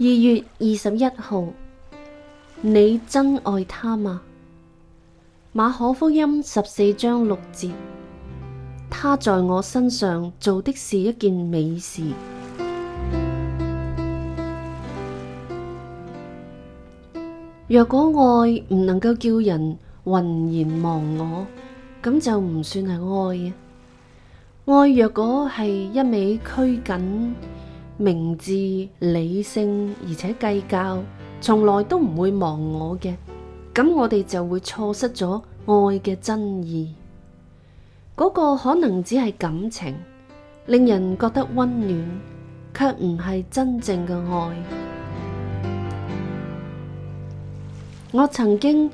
二月二十一號，你真愛他嗎？馬可福音十四章六節，他在我身上做的是一件美事。若果愛唔能夠叫人渾然忘我，咁就唔算係愛嘅。愛若果係一味拘謹，明智、理性，而且計較，從來都唔會忘我嘅。咁我哋就會錯失咗愛嘅真意。嗰個可能只係感情，令人覺得溫暖，卻唔係真正嘅愛。我曾經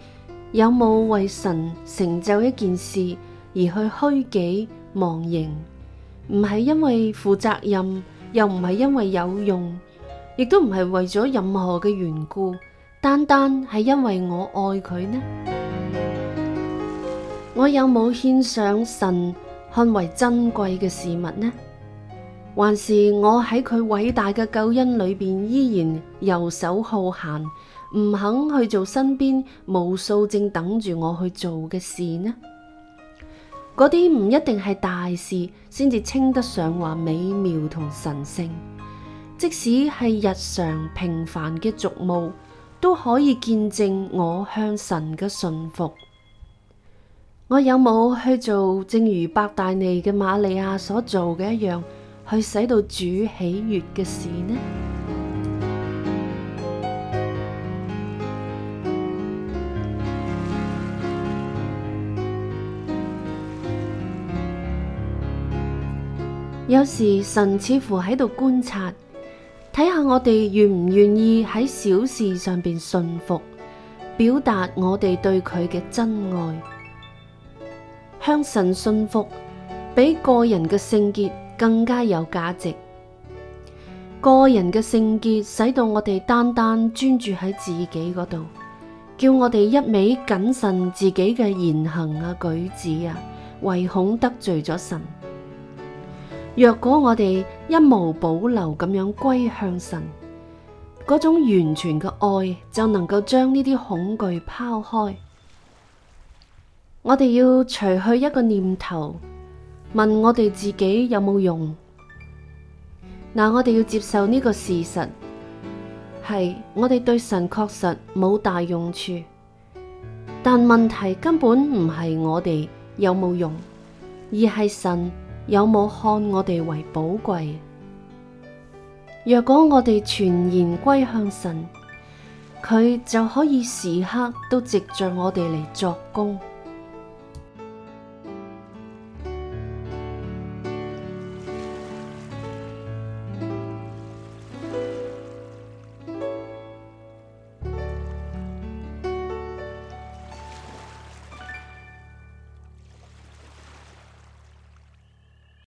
有冇為神成就一件事而去虛己忘形？唔係因為負責任。又唔係因為有用，亦都唔係為咗任何嘅緣故，單單係因為我愛佢呢？我有冇獻上神看為珍貴嘅事物呢？還是我喺佢偉大嘅救恩裏邊依然遊手好閒，唔肯去做身邊無數正等住我去做嘅事呢？嗰啲唔一定係大事先至稱得上話美妙同神聖，即使係日常平凡嘅俗務，都可以見證我向神嘅信服。我有冇去做正如伯大尼嘅瑪利亞所做嘅一樣，去使到主喜悅嘅事呢？有時神似乎喺度觀察，睇下我哋願唔願意喺小事上邊信服，表達我哋對佢嘅真愛。向神信服，比個人嘅聖潔更加有價值。個人嘅聖潔使到我哋單單專注喺自己嗰度，叫我哋一味謹慎自己嘅言行啊舉止啊，唯恐得罪咗神。若果我哋一無保留咁樣歸向神，嗰種完全嘅愛就能夠將呢啲恐懼拋開。我哋要除去一個念頭，問我哋自己有冇用？嗱，我哋要接受呢個事實，係我哋對神確實冇大用處。但問題根本唔係我哋有冇用，而係神。有冇看我哋為寶貴？若果我哋全然歸向神，佢就可以時刻都藉着我哋嚟作工。